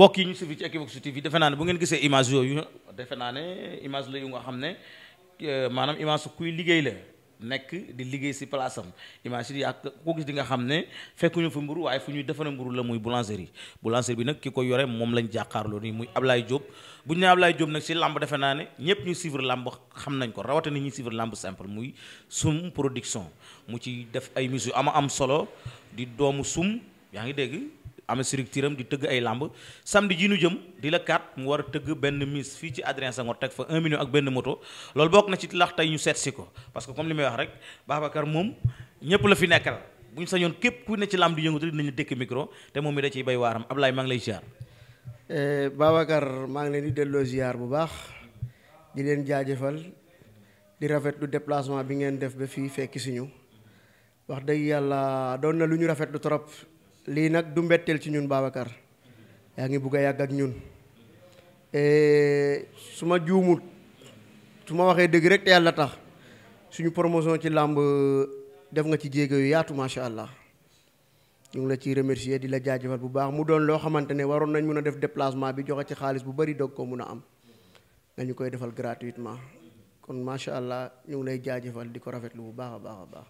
bokk yi ñu suivi ci Equivox TV defe naa ne bu ngeen gisee image yooyu defe naa ne image la yu nga xam ne euh, maanaam image kuy liggéey la nekk di liggéey si place am image yi ak ko gis di nga xam ne fekkuñu fi mburu waaye fu ñuy defara mburu la muy boulangerie boulangerie bi nag ki ko yore moom lañ jàkkaarloo nii muy Ablaye Diop bu ñu nee Ablaye job nag si lamb defe naa ne ñëpp ñu suivre lamb xam nañ ko rawatina ñuy suivre lamb simple muy sum production mu ci def ay mise yu ama am solo di doomu sum yaa ngi dégg amee structure am di tëgg ay làmb samedi ji nu jëm di la 4 mu war a tëgg benn miss fii ci Adrien Senghor teg fa 1 million ak benn moto loolu bokk na ci lax tey ñu seet si ko parce que comme li may wax rek Babacar moom ñëpp la fi nekkal bu ñu sañoon képp ku ne ci làmb di yëngatu nañu dékk micro te moom mi da ciy bay waaram Ablaye maa ngi lay ziar. Eh, Babacar maa ngi leen di delloo ziar bu baax di leen jaajëfal di rafetlu déplacement bi ngeen def ba fi fekki si ñu wax dëgg lu trop. lii nag du mbetteel ci ñun Babacar yaa ngi bugg a yàgg ak ñun e, su ma juumut su ma waxee dëgg rek te yàlla tax suñu promotion ci làmb def nga ci jéego yu yaatu macha allah ñu la ciy remercier di la jaajëfal bu baax mu doon loo xamante ne waroon nañ mun a def déplacement bi joxe ci xaalis bu bari doog ko mun a am dañu koy defal gratuitement kon macha allah ñu ngi lay jaajëfal di ko rafetlu bu baax a baax a baax.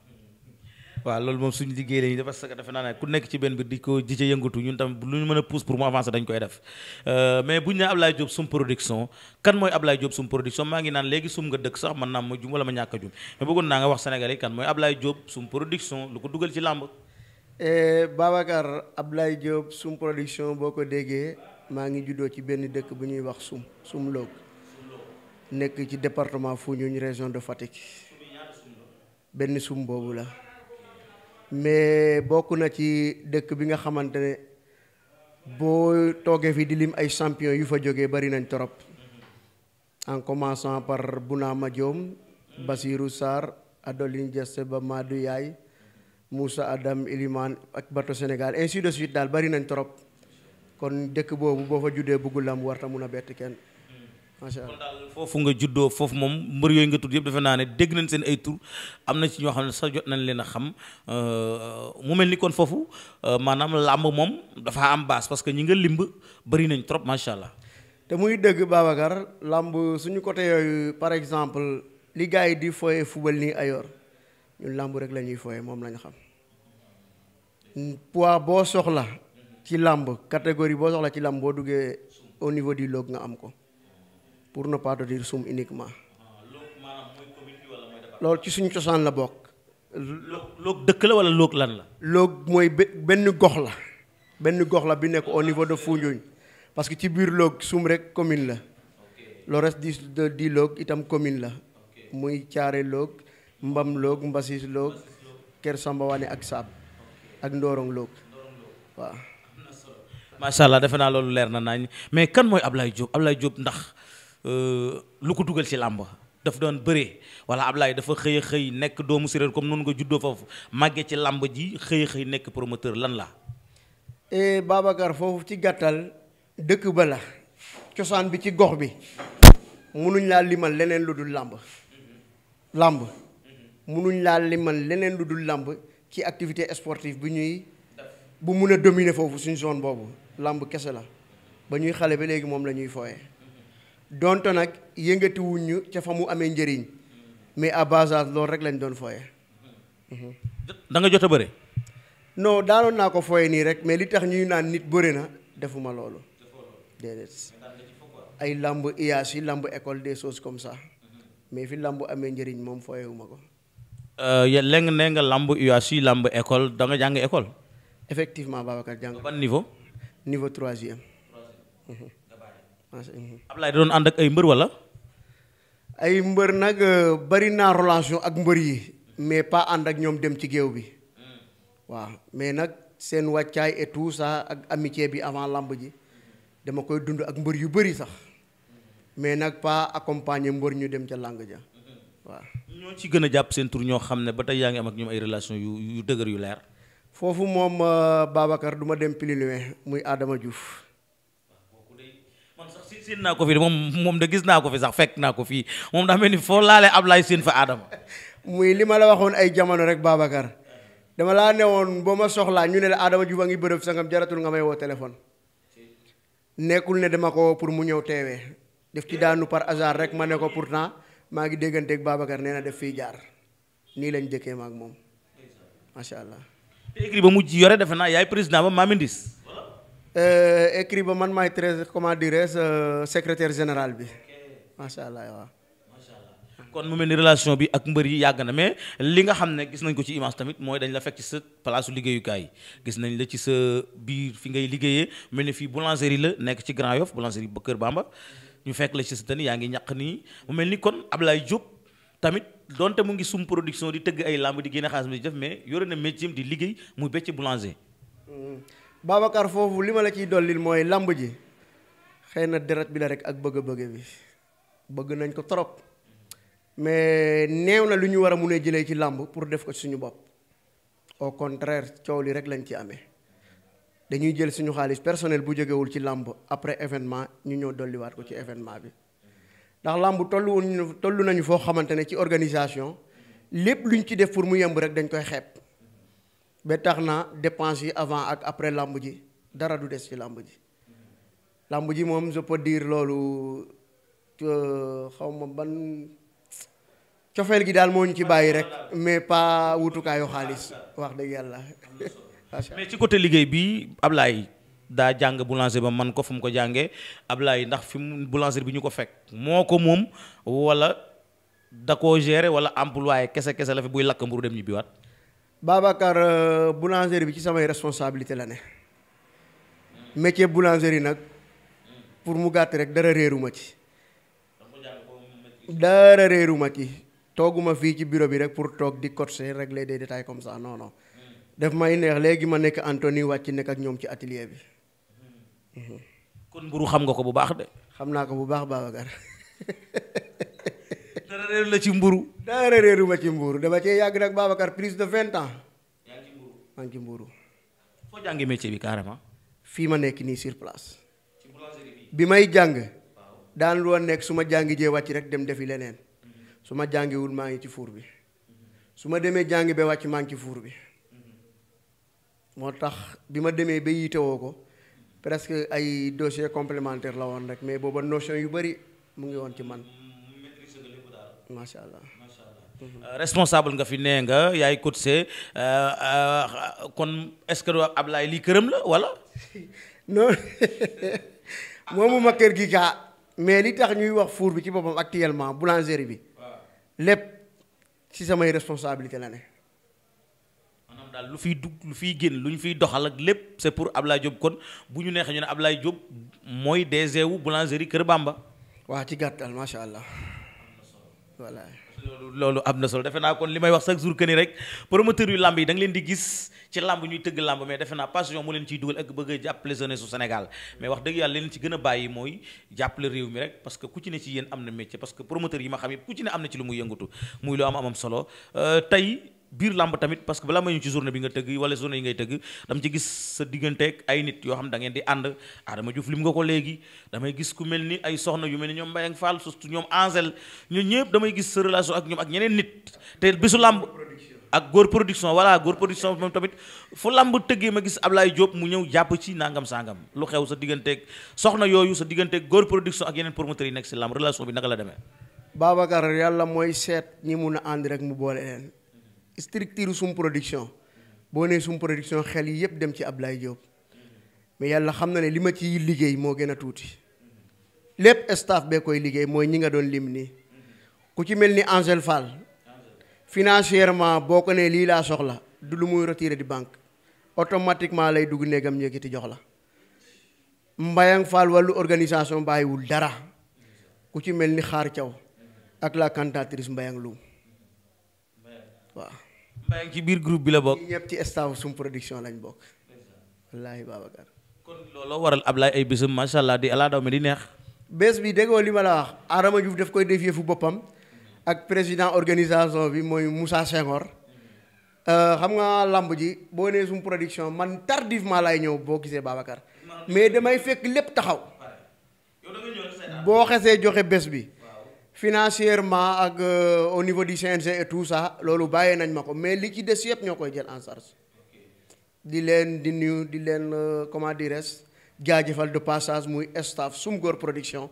waaw loolu moom suñu liggéey lañu def parce que defe naa ne ku nekk ci benn bi di ko di ca yëngatu ñun tamit lu ñu mën a pousse pour mu avancer dañ koy def euh, mais bu ñu nee Ablaye Diop sum production kan mooy Ablaye Diop sum production maa ngi naan léegi sum nga dëkk sax man naa ma jum wala ma ñàkk a jum mais bëggoon naa nga wax Sénégalais kan mooy Ablaye Diop sum production lu ko dugal ci làmb eh, Babacar Ablaye Diop sum production boo ko déggee maa ngi juddoo ci benn dëkk bu ñuy wax sum sum nekk ci département Foundiougne région de Fatick benn sum boobu la mais bokk na ci dëkk bi nga xamante ne boo toogee fi di lim ay champion yu fa jógee bari nañ torop en commençant par Bounama Diom Basirou Sarr Adoline Diasse ba Madou Yaay Moussa Adam Iliman ak bato Sénégal ainsi de suite daal bari nañ torop kon dëkk boobu boo fa juddee buggu lam warta mun a bett kenn macha allah foofu nga juddoo foofu moom mbër yooyu nga tudd yëpp dafa naa ne dégg nañ seen ay tur am na ci ñoo xam ne sa jot nañ leen a xam euh, mu mel ni kon foofu euh, maanaam làmb moom dafa am baas parce que ñi nga limb bari nañ trop macha allah. te muy dëgg Babacar làmb suñu côté yooyu par exemple li yi di fooyee fubal nii ayoor ñun làmb rek la ñuy fooyee moom la xam poids boo soxla ci làmb catégorie boo soxla ci làmb boo duggee au niveau du log nga am ko. pour ne pas dire sum uniquement. Ah, loolu ci suñu cosaan la bokk. loog dëkk la wala loog lan la. loog mooy benn gox la. benn gox la bi nekk au niveau de Foundiougne parce que ci biir loog suum rek commune la. le reste di loog itam commune la. muy Thiaré loog Mbam loog Mbassis loog Kër Sambawane ak Saab ak Ndorong loog waaw. macha allah defe naa loolu leer na nañ mais kan mooy ab Ablaye Diop Ablaye Diop ndax. Euh, lu ko dugal ci làmb daf doon bëree wala lay dafa xëy xëy nekk doomu séréer comme noonu nga juddoo foofu màggee ci làmb ji xëy xëy nekk promoteur lan la eh, Babacar foofu ci gàttal dëkk ba la cosaan bi ci gox bi munuñ laa limal leneen lu dul làmb làmb munuñ laa limal leneen lu dul làmb ci activité sportive bi ñuy bu mun a dominer foofu suñu zone boobu làmb kese la ba ñuy xale ba léegi moom la ñuy fooyee donte nag yëngatiwuñ ñu ca fa mu amee njëriñ mais à base loolu rek lañ doon fooye da nga jot a bëre non daanoon naa ko fooye nii rek mais li tax ñuy naan nit bëre na defuma loolu ay lamb IAS yi lamb école des choses comme ça mais fi lamb amee njëriñ moom fooyewuma ko euh, yéen léegi ne nga lamb IAS yi lamb école da nga jàng école effectivement Babacar jàng ban niveau niveau troisième Ablaye da doon ànd ak ay mbër wala. ay mbër nag euh, bari naa relation ak mbër yi mais pas ànd ak ñoom dem ci géew bi hmm. waaw mais nag seen wàccaay et tout ça ak amitié bi avant làmb ji dama koy dund ak mbër yu bari sax mais nag pas accompagner mbër ñu dem ca làng ja hmm. waaw. ñoo ci gën a jàpp seen tur ñoo xam ne ba tey yaa ngi am ak ñoom ay relation yu yu dëgër yu leer. foofu moom euh, Babacar du ma dem plus muy aadama Diouf. seen naa ko fi moom moom de gis naa ko fi sax fekk naa ko fii moom daa mel ni foo laalee Ablaye seen fa Adama. muy li ma la waxoon ay jamono rek Babacar dama laa woon boo ma soxlaa ñu ne la Adama Diouf a ngi bërëb sangam jaratul nga may woo téléphone. nekkul ne dama ko pour mu ñëw teewe def ci daanu par hasard rek ma ne ko pour pourtant maa ngi dégganteeg Babacar nee na def fii jaar nii lañ jëkkee ma ak moom macha allah. te écrit ba mu yore defe naa yaay président ba Mamindis. Euh, écrit ba man maay très comment dirais je euh, secrétaire général bi macha allah waaw. kon mu mel ni relation bi ak mbër yi yàgg na mais li nga xam ne gis nañ ko ci image tamit mooy dañ la fekk ci sa palaasu liggéeyukaay gis nañ la ci sa biir fi ngay liggéeyee mel ni fii boulangerie la nekk ci Grand Yoff boulangerie ba Kër Bamba ñu fekk la ci sa tani yaa ngi ñaq nii mu mel ni kon Ablaye Diop tamit donte mu ngi sum production di tëgg ay làmb di génne xaalis bi di def mais yore na métier di liggéey muy becc boulanger. Mm-hmm. Babacar foofu li ma la ciy dollil mooy làmb ji xëy na deret bi la rek ak bëgg-bëgg bi bëgg nañ ko trop mais neew na lu ñu war a mun a jëlee ci làmb pour def ko suñu bopp au contraire coow li rek lañ ci amee dañuy jël suñu xaalis personnel bu jógewul ci làmb après événement ñu ñëw dolliwaat ko ci événement bi ndax làmb tollu nañu foo xamante ne ci organisation lépp luñ ci def pour mu yemb rek dañ koy xep ba tax na dépense yi avant ak après làmb ji dara du des ci làmb ji làmb ji moom je diir loolu xaw ma ban cofeel gi daal moo ñu ci bàyyi rek mais pas wutukaayu xaalis wax dëgg yàlla. mais ci côté liggéey bi Ablaye daa jàng boulanger ba man ko fu mu ko jàngee Ablaye ndax fi mu boulanger bi ñu ko fekk moo ko moom wala da koo gérer wala employé kese kese la fi buy lakk mburu dem ñibbiwaat. Babacar euh, boulangerie bi ci samay responsabilité la ne métier boulangerie nag pour mu gàtt rek dara réeruma ci dara réeruma ci tooguma fii ci bureau bi rek pour toog di rek régler des détails comme sax non non def may neex léegi ma nekk Anthony wàcc nekk ak ñoom ci atelier bi. kon mburu xam nga ko bu baax de. xam naa ko bu baax Babacar. réeru la ci mburu dara réeru ci mburu dama cee yàgg nag Babacar plus de vingt ans. yaa ci mburu maa ngi ci mburu. fii ma nekk nii sur place. bi may jàng. daan lu woon nekk su ma jàngi jee wàcc rek dem defi leneen. Mhm. su ma jàngiwul maa ngi ci fuur bi. Mhm. su ma demee jàngi ba wàcc maa ci fuur bi. Mhm. moo tax bi ma demee ba yitewoo ko. presque ay dossier complémentaire la woon rek mais booba notion yu bari mu ngi woon ci man. macha allah macha euh, responsable nga fi nee nga yaay cotisé euh, euh, kon est-ce que Ablaye lii këram la wala. non moomu ma kër gi gaa mais li tax ñuy wax four bi ci boppam actuellement boulangerie bi. lépp ci samay responsabilité la ne. maanaam daal lu fiy dugg lu fiy génn lu ñu fiy doxal ak lépp c'est pour Ablaye Diop kon bu ñu neexee ñu ne Ablaye Diop mooy DG wu boulangerie Kër Bamba. waaw ci gàttal macha allah. voilà loolu am na solo defe naa kon li may wax chaque jour que rek promoteur yu làmb yi da leen di gis ci làmb ñuy tëgg làmb mais defe naa passion moo leen ciy dugal ak bëgg a jàppale jeunesse su mais wax dëgg yàlla leen ci gën bàyyi mooy jàppale réew mi rek parce ku ci ne ci yéen am na métier parce promoteur yi ma xam yëpp ku ci ne am na ci lu muy yëngatu muy lu am amam solo euh, tey biir làmb tamit parce que balaa ma ñu ci journée bi nga tëgg wala journée yi ngay tëgg dama ci gis sa digganteeg ay nit yoo xam da ngeen di ànd Adama Diouf lim nga ko léegi damay gis ku mel ni ay soxna yu mel ni ñoom Mbayang Fall surtout ñoom Angel ñun ñëpp damay gis sa relation ak ñoom ak ñeneen nit te bisu làmb ak góor production voilà góor production moom tamit fu làmb tëggee ma gis Ablaye Diop mu ñëw jàpp ci nangam sangam lu xew sa digganteeg soxna yooyu sa digganteeg góor production ak yeneen promoteurs yi nekk si làmb relation bi naka la demee. Babacar mooy seet ñi mun a mu boole leen structure sum production boo nee sum production xel yi yëpp dem ci Ablaye Diop mais yàlla xam na ne li ma ci liggéey moo gën a tuuti lépp staff bee koy liggéey mooy ñi nga doon lim nii ku ci mel ni Angel Fall financièrement boo ko nee lii laa soxla du lu muy retiré di banque automatiquement lay dugg néegam ñëkkiti jox la Mbayang Fall wàllu organisation bàyyiwul dara ku ci mel ni Xaar Thiaw ak la cantatrice Mbayang lu waaw. Mbaye ci biir groupe bi la bokk. ñëpp ci staff sum production lañ bokk. wallaahi Babacar. kon looloo waral Ablaye ay bésam macha allah di ala daw di neex. bés bi déggoo li ma la wax Adama Diouf daf koy def yëfu boppam. ak président organisation bi mooy Moussa Senghor. Euh, xam nga lamb ji boo nee sum production man tardivement lay ñëw boo gisee Babacar. mais damay fekk lépp taxaw. boo xesee joxe bés bi. financièrement ak euh, au niveau du CNG et tout ça loolu bàyyee nañ ma ko mais li ci des yëpp ñoo koy jël en charge di leen di nuyu di leen euh, comment dirais-je jaajëfal de passage muy staff sum góor production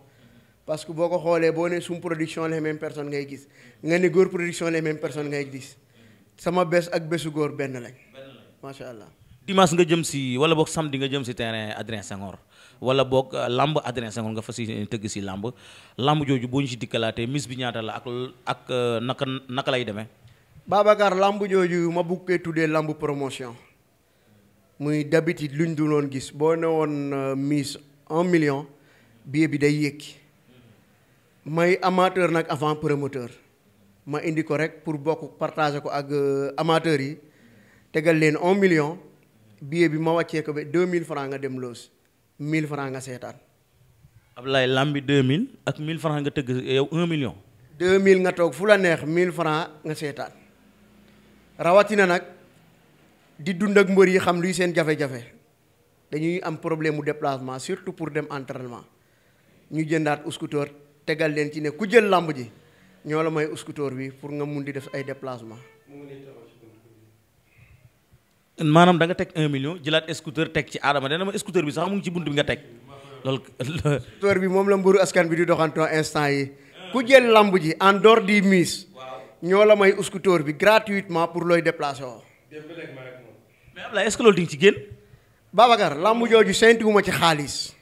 parce que boo ko xoolee boo ne sum production les mêmes personnes ngay gis nga ne góor production les mêmes personnes ngay gis sama bés ak bésu góor benn lañ macha allah. dimanche nga jëm si wala boog samedi nga jëm si terrain Adrien Senghor wala boog euh, lamb Adrien Senghor nga fas yéene tëgg si lamb lamb jooju boo ñu si dikkalaatee mise bi ñaata la ak ak euh, naka naka lay demee. Babacar làmb jooju ma bëgg koy tuddee lamb promotion muy d'habitude luñ du loon gis boo ne woon euh, mise un million billet bi day yékki may amateur nag avant promoteur ma indi ko rek pour bokk partager ko ak amateurs yi tegal leen un million. billet bi ma wàccee ko ba mille francs nga dem loos 1000 francs nga seetaan. Ablaye lambi mille ak mille francs nga tëgg yow 1 million. 2000 nga toog fu la neex 1000 francs nga seetaan rawatina nag di dund ak mbër yi xam luy seen jafe-jafe dañuy am problème mu déplacement surtout pour dem entraînement ñu jëndaat uskutoor tegal leen ci ne ku jël làmb ji ñoo la may uskutoor bi pour nga mun di def ay déplacement. maanaam da nga teg un million jëlaat scooter teg ci aadama dana ma scooter bi sax mu ngi ci bunt bi nga teg loolu. scooter moom la mburu askan bi di doxantoo instant yi ku ji en dehors du mise ñoo la may scooter bi gratuitement pour looy déplacé woo. mais Ablaye di nga ci génn. Babacar lamb jooju séntuwuma ci xaalis.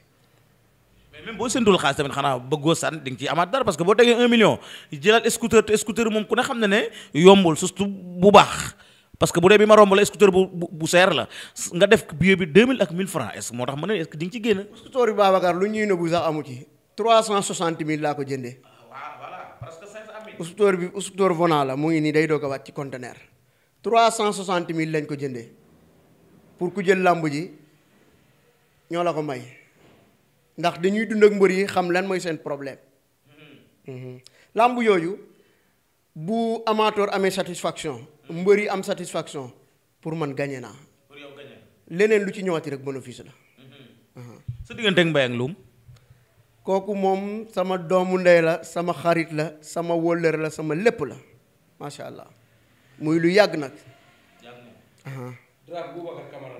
boo séntuwul xaalis tamit xanaa bëggoo sànn di nga ciy amaat dara parce que boo tegee un million jëlaat te scooter moom ku ne xam na ne yombul surtout bu baax. parce que bu dee bi ma romb la scooter bu bu seer la nga def billet bi 2000 ak 1000 francs est moo tax ma ne est-ce que di nga ci génn. scooter bi Babacar lu ñuy nëbbu sax amu ci 360000 laa ko mil waaw ah, voilà parce que bi scooter Vona la mu ngi nii day doog a wàcc ci conteneur 360000 lañ ko jëndee pour ku jël làmb ji ñoo la ko may ndax dañuy dund ak mbër yi xam lan mooy seen problème. Mm-hmm. Mm-hmm. làmb yooyu bu amateur amee satisfaction. mbër yi am satisfaction pour man gagné naa. leneen lu ci ñëwaati rek bénéfice la. Mhm. sa diggante ak ak Loum. kooku moom sama doomu ndey la sama xarit la sama wóllëre la sama lépp la macha allah muy lu yàgg nag.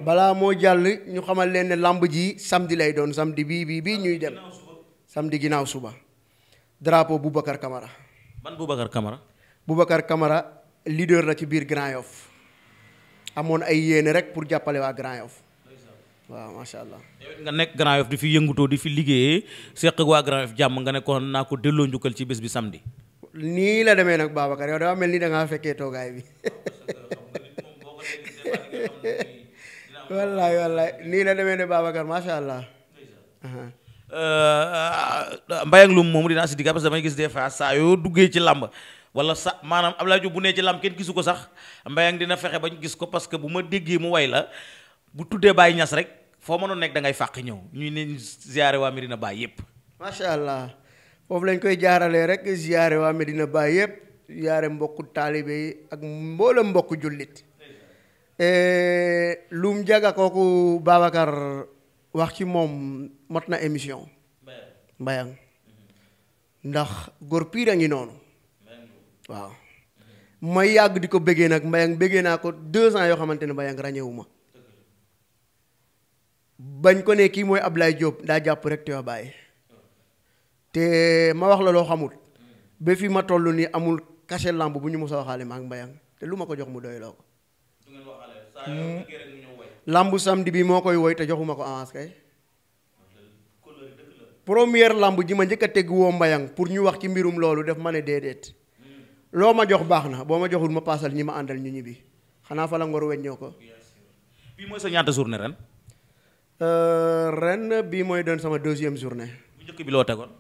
balaa moo jàll ñu xamal leen ne làmb ji samdi lay doon samedi bii bii bii ñuy dem samedi ginnaaw suba drapo Boubacar Camara. ban Boubacar Camara. Boubacar leader la ci biir Grand Yoff amoon ay yéene rek pour jàppale waa Grand Yoff waaw macha allah. nga nekk Grand Yoff di fi yëngutoo di fi liggéeyee seq waa Grand Yoff jàmm nga nekkoon naa ko delloo njukkal ci bés bi samedi. nii la demee nag Babacar yow dafa mel ni da fekkee toogaay bi. wallaay wallaay nii la demee ne Babacar macha allah. Euh, Mbayang Loum moomu dinaa si digga parce que damay gis des fois saa yoo duggee ci làmb wala sa maanaam Abdoulaye Diouf bu nee ci lam kenn gisu ko sax mbayan dina fexe bañ gis ko parce que bu ma déggee mu way la bu tuddee Baye ñas rek foo mënoon nekk da ngay fàq ñëw ñuy ne ziare waa Medina Baye yépp macha allah foofu lañ koy jaaralee rek ziare waa Medina Baye yépp ziare mbokku taalibe yi ak mboolem mbokku jullit e, lum jaga kooku Babacar wax ci moom mot na émission mbayan ndax góor piir a ngi noonu waaw may yàgg di ko bëggee nag Mbayang bëggee naa ko deux ans yoo xamante ne Mbayang ràññeewu ma bañ ko ne kii mooy Ablaye Diop daa jàpp rek te wa bàyyi te ma wax la loo xamul ba fi ma toll nii amul cachet lamb bu ñu mos waxaale ma ak Mbayang te lu ma ko jox mu doy loo ko. lambu samedi bi moo koy woy te joxuma ko avance kay. première lamb ji ma njëkk a tegu woo mbayan pour ñu wax ci mbirum loolu def ma ne déedéet. loo ma jox baax na boo ma joxul ma paasal ñi ma àndal ñu ñibbi xanaa fa la ngor weññoo ko. bii mooy sa ñaata journée ren. Euh, ren bii mooy doon sama deuxième journée. bu njëkk bi loo tegoon.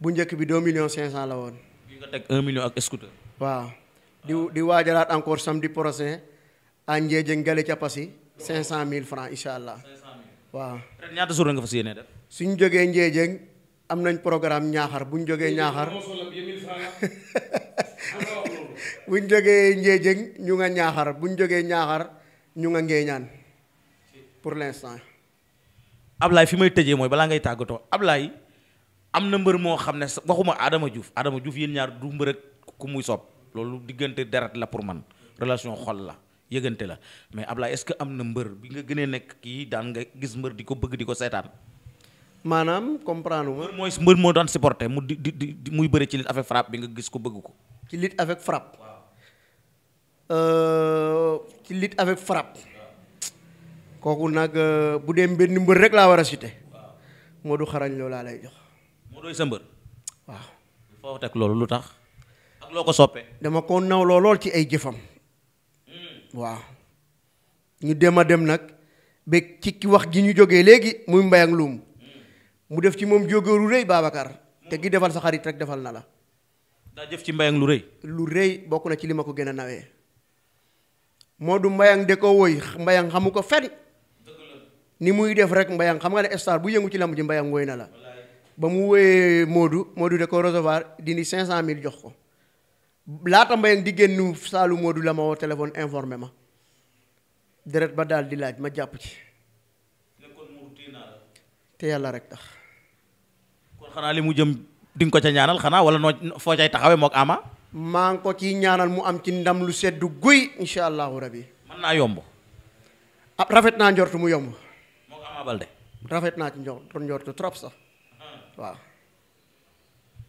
bu njëkk bi 2 millions 500 la woon. bii nga teg 1 million ak scooter. waaw di di waajalaat encore samedi prochain à Ndiédiène Ngale Capassi 500000 francs incha allah. 500000 waaw. ren ñaata journée nga fas yéenee def. suñ jógee Ndiédiène. am nañ programme ñaaxar bu ñu jógee ñaaxar bu ñu jógee njéejéng ñu nga ñaaxar bu ñu jógee ñaaxar ñu nga ngeeñaan pour l'instant. Ablaye fi may tëjee mooy balaa ngay tàggatoo Ablaye am na mbër moo xam ne sa waxuma Adama Diouf Adama Diouf yéen ñaar du mbër ak ku muy sob loolu diggante deret la pour man relation xol la yëgante la mais Ablaye est-ce que am na mbër bi nga gënee nekk kii daan nga gis mbër di ko bëgg di ko seetaan. maanaam comprendre ma. mooy mbër moo daan supporté mu muy bëri ci lit avec frappe bi nga gis ko bëgg ko. ci lit avec frappe. Euh, lit avec frappe. kooku nag euh, bu dee benn mbër rek laa war a cité. moo du xarañ loo laa lay jox. moo loolu lu tax. ak loo ko soppe dama ko nawloo lool ci ay jëfam. Hmm. waaw. ñu dem a dem nag ba ci wax gi ñu jóge léegi muy mbay ak luum mu def ci moom jógóoru rëy Babacar te gi defal sa xarit rek defal na la. daa def ci mbayang lu rëy. lu rëy bokk na ci li ma ko gën a nawee. Modou mbayang de ko woy mbayang xamu ko fenn. ni muy def rek mbayang xam nga ne star bu yëngu ci lamb ji mbayan woy na la. ba mu wooyee Modou Modou de ko recevoir dindi mille jox ko. laata mbayan di génn saalu Modou la ma woo téléphone informé ma. deret ba daal di laaj ma jàpp ci. te yàlla rek tax. kon xanaa li mu jëm di ko ca ñaanal xanaa wala noo foo cay taxawee moog Ama. maa ko ciy ñaanal mu am ci ndam lu sedd guy incha allahu rabi. mën naa yomb. ah rafet naa njortu mu yomb. moog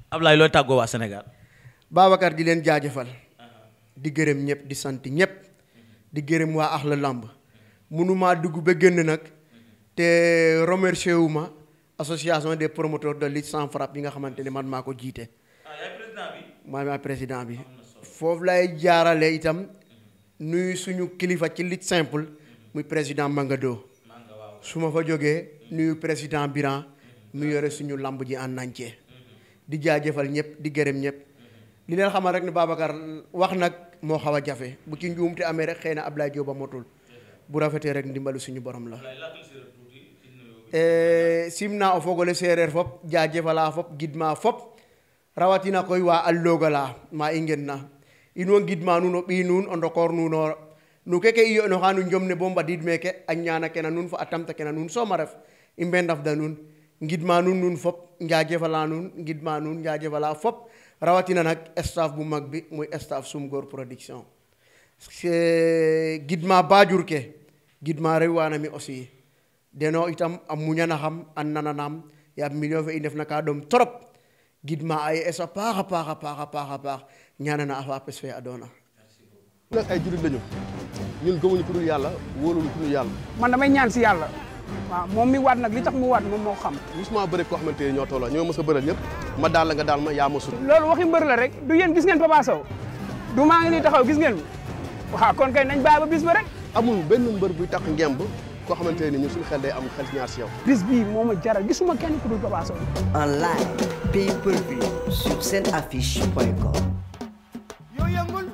Ama uh-huh. looy tàggoo waa Sénégal. Babacar di leen jaajëfal. Uh-huh. di gërëm ñëpp di sant ñëpp. Uh-huh. di gërëm waa Akhla Lamb. mënumaa dugg ba génn nag. te remercier wu ma association des promoteurs de lutte sans frappe bi nga xamante ne man maa ko jiite. Ah, maa maa président bi. foofu lay jaarale itam nuyu suñu kilifa ci lutte simple muy président Mangado su ma fa jógee nuyu président Biran mu yore suñu làmb ji en entier di jaajëfal ñëpp di gërëm ñëpp li leen xamal rek ne Babacar wax nag moo xaw a jafe bu ci njuumte amee rek xëy na Ablaye Diop ba motul bu rafetee rek ndimbalu suñu borom la. Eh, simna o fogole jaa fop jajefala fop gidma fop rawatina koy waa a logala i ngen na in wo gidma nuun o ɓiy nuun o ndokoor nuuno no keke i yo'noxa no jom ne bo mbadiid meeke a ñaana ke na nuun fo a tamta ke na nuun soom a ref i mben ndaf da nuun ngidma nuun nuun fop njajefala nuun ngidma nuun njajefala fop rawatina nag staff bu mag bi muy staff Sumgor Production eh, gidma baajur ke gidma rew waana mi aussi deno itam a xam a nananaam yaam million fe i na ka ɗom trop gidma a ye'es a paax a paax a paax a paax a paax a fa pes fe adoona nag ay jurit lañu ñun gëmuñu ku dul yàlla wóoluñu ku dul yàlla man damay ñaan si yàlla waaw moom mi waat nag li tax mu waat moom moo xam musuma bëre koo xamante ne ñoo tolloo ñoo mos a bëral ñëpp ma daal la nga daal ma yaa ma sut loolu waxi mbër la rek du yéen gis ngeen Papa Sow du maa ngi nii taxaw gis ngeen amul benn mbër buy tax ngemb koo xamante ne ñun suñu xel day am xel ci ñaar si yow. bis bii moo ma jaral gisuma kenn ku dul Papa Sow. en live pay per view sur seen affiche point com.